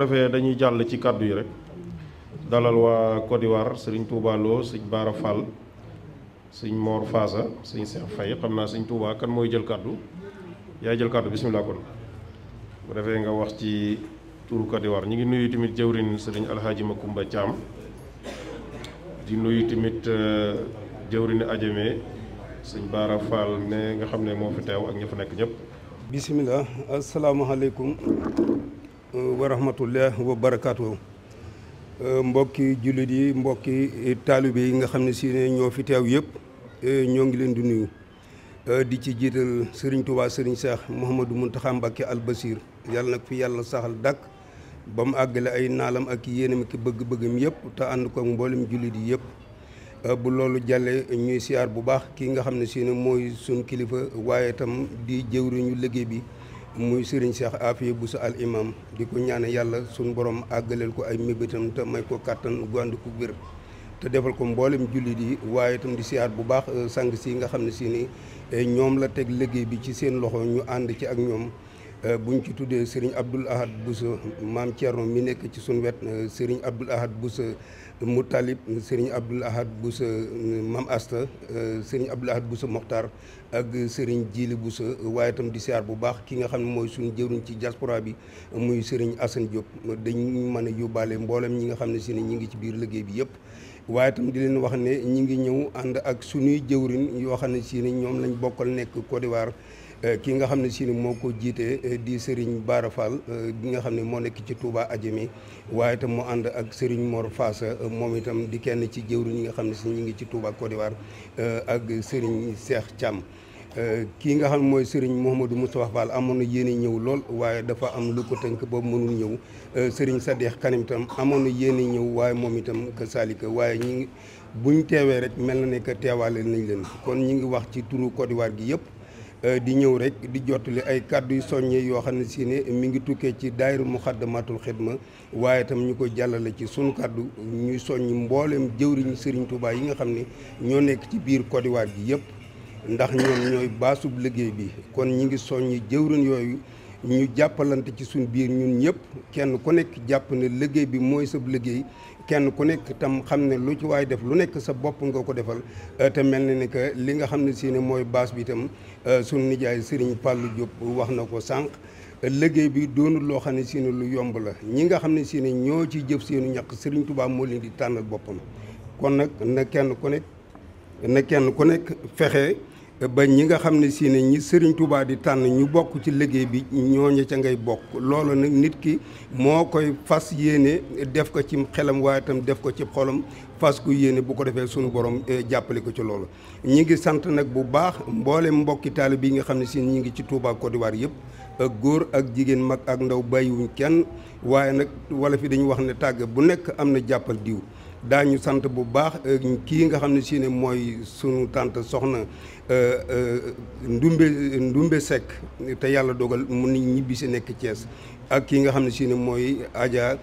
defee dañuy jàll ci kàddu yi rek dalal waa Côte d'Ivoire sëriñ Touba Lo sëñ Baara Fall sëñ Mor Faasa sëñ Seex Fay xam naa sëñ Touba kan mooy jël kàddu yaay jël kàddu bisimilah kon bu defee nga wax ci turu Côte d'Ivoire ñu ngi nuyu tamit jëwriñ sëriñ Alxaaji Makumba Caam di nuyu tamit euh, jëwriñ ajame sëñ Baara Fall ne nga xam ne moo fi teew ak ña fa nekk ñëpp bisimilah wa rahmatullah wa barakaatu euh, mbokki jullit yi mbokki taalibe yi nga xam ne si ñoo fi teew yëpp euh, ñoo ngi leen di nuyu euh, di ci jiital sëriñ Touba sëriñ Cheikh Mouhamadou Mountakha Mbacké Al Basir yàlla nag fi yàlla saxal dàkk ba mu àgg àggale ay naalam ak yéenam ki bëgg-bëggam yëpp te ànd ko mboolem jullit yi yëpp bu loolu jàllee ñuy siyaar bu baax kii nga xam ne si mooy suñ kilifa waaye itam di jëwriñu liggéey bi muy sëriñ Cheikh Afia Bousso al imam di ko ñaan yàlla suñu borom àggaleel ko ay mébétam te may ko kàttan gu ànd ku wér te defal ko mboolem jullit yi waaye itam di siyaat bu baax euh, sang si nga xam ne si ni eh, ñoom la teg liggéey bi ci seen loxo ñu ànd ci ak ñoom Euh, buñ ci tuddee Serigne Abdoul Ahad Bousso maam Thierno mi nekk ci suñu wet euh, Serigne Abdoul Ahad Bousso Moutalib Serigne Abdoul Ahad Bousso maam Asta euh, Serigne Abdoul Ahad Bousso Mokhtar ak Serigne bu Bousso waaye tam di siyaar bu baax ki nga xam ne mooy suñ jëruñ ci diaspora bi muy Serigne Assane Diop dañ mën a yóbbaale mboolem ñi nga xam ne si ne ñi ngi ci biir liggéey bi yëpp. waaye itam di leen wax ne ñi ngi ñëw ànd ak suñuy jëwriñ yoo xam ne si ne ñoom lañ bokkal nekk Côte d'Ivoire Euh, kii nga xam ne si moo ko jiitee euh, di Serigne Bara Fall euh, bi nga xam ne moo nekk ci Touba Adjemi waaye itam mu ànd ak Serigne Mor Faasa moom itam di kenn ci jëwriñ ñi nga xam ne si ñu ngi ci Touba Côte d'Ivoire ak Serigne Cheikh Thiam. kii nga xam mooy moom du Mouhamadou Moustapha Fall amoon na yéene ñëw lool waaye dafa am lu ko tënk boobu mënul ñëw Serigne Sadeex Kanam itam amoon na yéene ñëw waaye moom itam ka Salika waaye ñi ngi buñ teewee rek mel na ne que teewaale nañ leen kon ñi ngi wax ci turu Côte gi yëpp. Euh, di ñëw rek di jottali ay kàddu yu soññee yoo xam ne si ne mi ngi tukkee ci daayiru muxaddamatul xidma waaye tam ñu ko jàllale ci sunu kàddu ñuy soññ mbooleem jëwriñu Serigne Touba yi nga xam ni ñoo nekk ci biir Côte d'Ivoire gi yëpp ndax ñoom ñooy baasub liggéey bi kon ñu ngi soññ jëwriñ yooyu ñu jàppalante ci suñu biir ñun ñëpp kenn ku nekk jàpp ne liggéey bi mooy sab liggéey kenn ku nekk tam xam ne lu ci waay def lu nekk sa bopp nga ko defal euh, te mel na ni que li nga xam ne si mooy baas bi itam euh, suñ nijaay Serigne Pallou Diop wax na ko sànq euh, liggéey bi doonul loo xam ne si lu yomb la ñi nga xam ne si ñoo ciy jëf seenu ñàq Serigne Touba moo leen di tànnal boppam kon nag na kenn ku nekk na kenn ku nekk fexe ba ñi nga xam ne si ne ñi Serigne Touba di tànn ñu bokk ci liggéey bi ñooñu ca ngay bokk looloo nag nit ki moo koy fas yéene def ko ci xelam waaye itam def ko ci xolam fas ku yéene bu ko defee suñu borom eh, jàppale ko ci loolu. ñi ngi sant nag bu baax mboolem mbokki taalibe yi nga xam ne si ñi ngi ci Touba Côte d'Ivoire yëpp ak góor ak jigéen mag ak ndaw bàyyiwuñ kenn waaye nag wala fi dañu wax ne tàgg bu nekk am na jàppal diw. daañu sant bu baax euh, kii nga xam ne si ne mooy sunu tante soxna euh, euh, Ndumbe Ndumbe sekk te yàlla dogal mu ni ñibbi si nekk cees ak kii nga xam ne si mooy Adja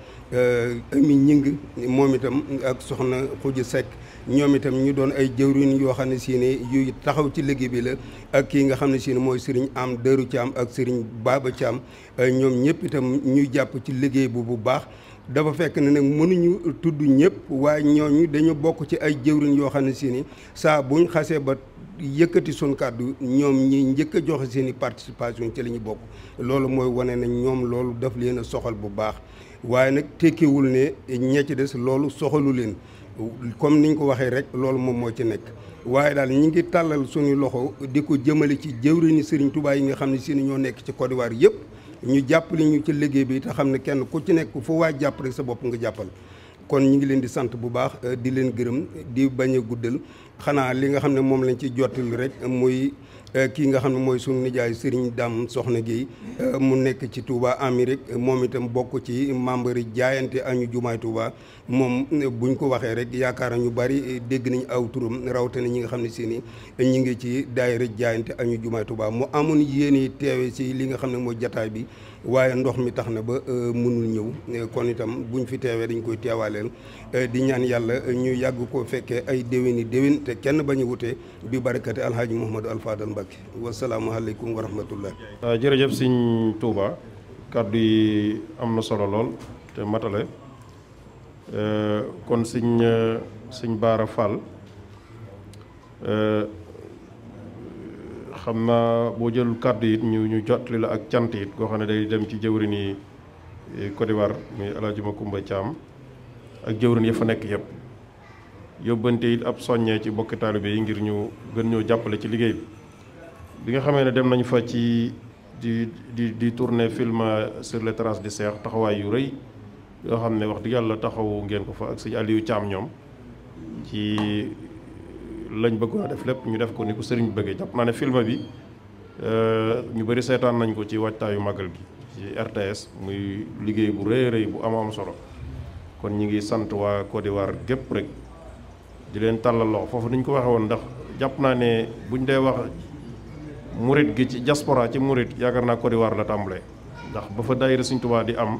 Ami Ñing moom itam ak soxna Xuj Seck ñoom itam ñu doon ay jëwriñ yoo xam ne si yuy taxaw ci liggéey bi la ak kii nga xam ne si mooy sëriñ am dëru Thiam ak sëriñ Baba Thiam ñoom ñëpp itam ñu jàpp ci liggéey bu bu baax dafa fekk ne nag mënuñu tudd ñëpp waaye ñoom ñooñu dañu bokk ci ay jëwriñ yoo xam ne si ni saa ñu xasee ba yëkkati sun kàddu ñoom ñi njëkk a joxe seen i participation ci la ñu bokk loolu mooy wane na ñoom loolu daf leen soxal bu baax waaye nag tekkiwul ne ñee ci des loolu soxalu leen comme ñu ko waxee rek loolu moom moo ci nekk waaye daal ñi ngi tàllal suñu loxo di ko jëmale ci jëwriñi Serigne Touba yi nga xam ne seen ñoo nekk ci Côte d'Ivoire yëpp ñu jàppale ñu ci liggéey bi te xam ne kenn ku ci nekk foo waa jàpp rek sa bopp nga jàppal kon ñu ngi leen di sant bu baax di leen gërëm di bañ a guddal xanaa li nga xam ne moom lañ ci jottil rek muy Euh, kii nga xam ne mooy sunu nijaay Serigne Dame Soxna Guèye euh, mu nekk ci Touba Amérique moom itam bokk ci membre yi jaayante añu jumaay Touba moom euh, buñ ko waxee rek yaakaar ñu bari dégg nañ aw turam rawatina ñi nga xam ne si ni ngi ci daayira jaayante añu jumaay Touba mu amoon yéene teewe si li nga xam ne mooy jataay bi waaye ndox mi tax na ba mënul ñëw kon itam buñ fi teewee dañ koy teewaaleel di ñaan yàlla ñu yàgg ko fekkee ay déwéni déwén te kenn bañu wutee bi barakati alhaaji Mouhamadou Alfadal Mbacké Mbacke wasalaamualeykum wa rahmatullah. Ah, jërëjëf sëñ Touba kàddu yi am na solo lool te matale eh, kon sëñ eh, sëñ Baara Fall eh, xam naa boo jël kàddu yi ñu ñu jottali la ak cant it goo xam ne day dem ci jëwrin yi Côte d'Ivoire muy El Hadj Macoumba Thiam ak jëwrin yi fa nekk yëpp. yóbbante it ab soññee ci bokki taalibe yi ngir ñu gën ñoo jàppale ci liggéey bi bi nga xamee ne dem nañu fa ci di di di tourner film sur les traces du taxawaay yu rëy yoo xam ne wax dëgg yàlla taxawu ngeen ko fa ak sëñ Aliou Thiam ñoom ci lañ bëggoon a def lépp ñu def ko ni ko sëriñ bëggee jàpp naa ne film bi euh, ñu bëri seetaan nañ ko ci waajtaayu màggal gi ci RTS muy liggéey bu rëy rëy bu am am solo kon ñu ngi sant waa Côte d'Ivoire gépp rek di leen tàllal loxo foofu ni ñu ko waxee woon ndax jàpp naa ne buñ dee wax. murit gi ci jasporaa ci murit yaakaar naa Côte d'Ivoire la tàmbule ndax ba fa daayira Sëriñ Tuubaa di am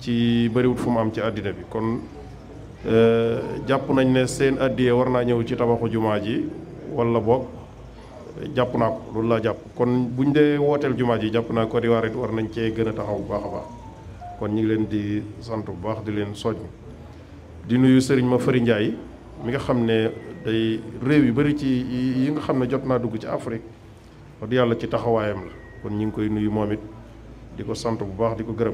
ci bëriwut fu mu am ci àddina bi kon euh, jàpp nañ ne seen àddiyee war naa ñëw ci tabaxu jumaa ji wala boog jàpp naa ko loolu laa jàpp kon buñ dee wooteel jumaa ji jàpp naa Côte d'Ivoire war nañ cee gën a taxaw bu baax a baax kon ñu ngi leen di sant bu baax di leen soññ di nuyu sëriñ ma fëri Ndiaye mi nga xam ne day réew yu bëri ci yi nga xam ne jot naa dugg ci Afrique wax yàlla ci taxawaayam la kon ñu ngi koy nuyu moom it di ko sant bu baax di ko gërëm